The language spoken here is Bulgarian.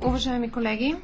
Уважаеми колеги,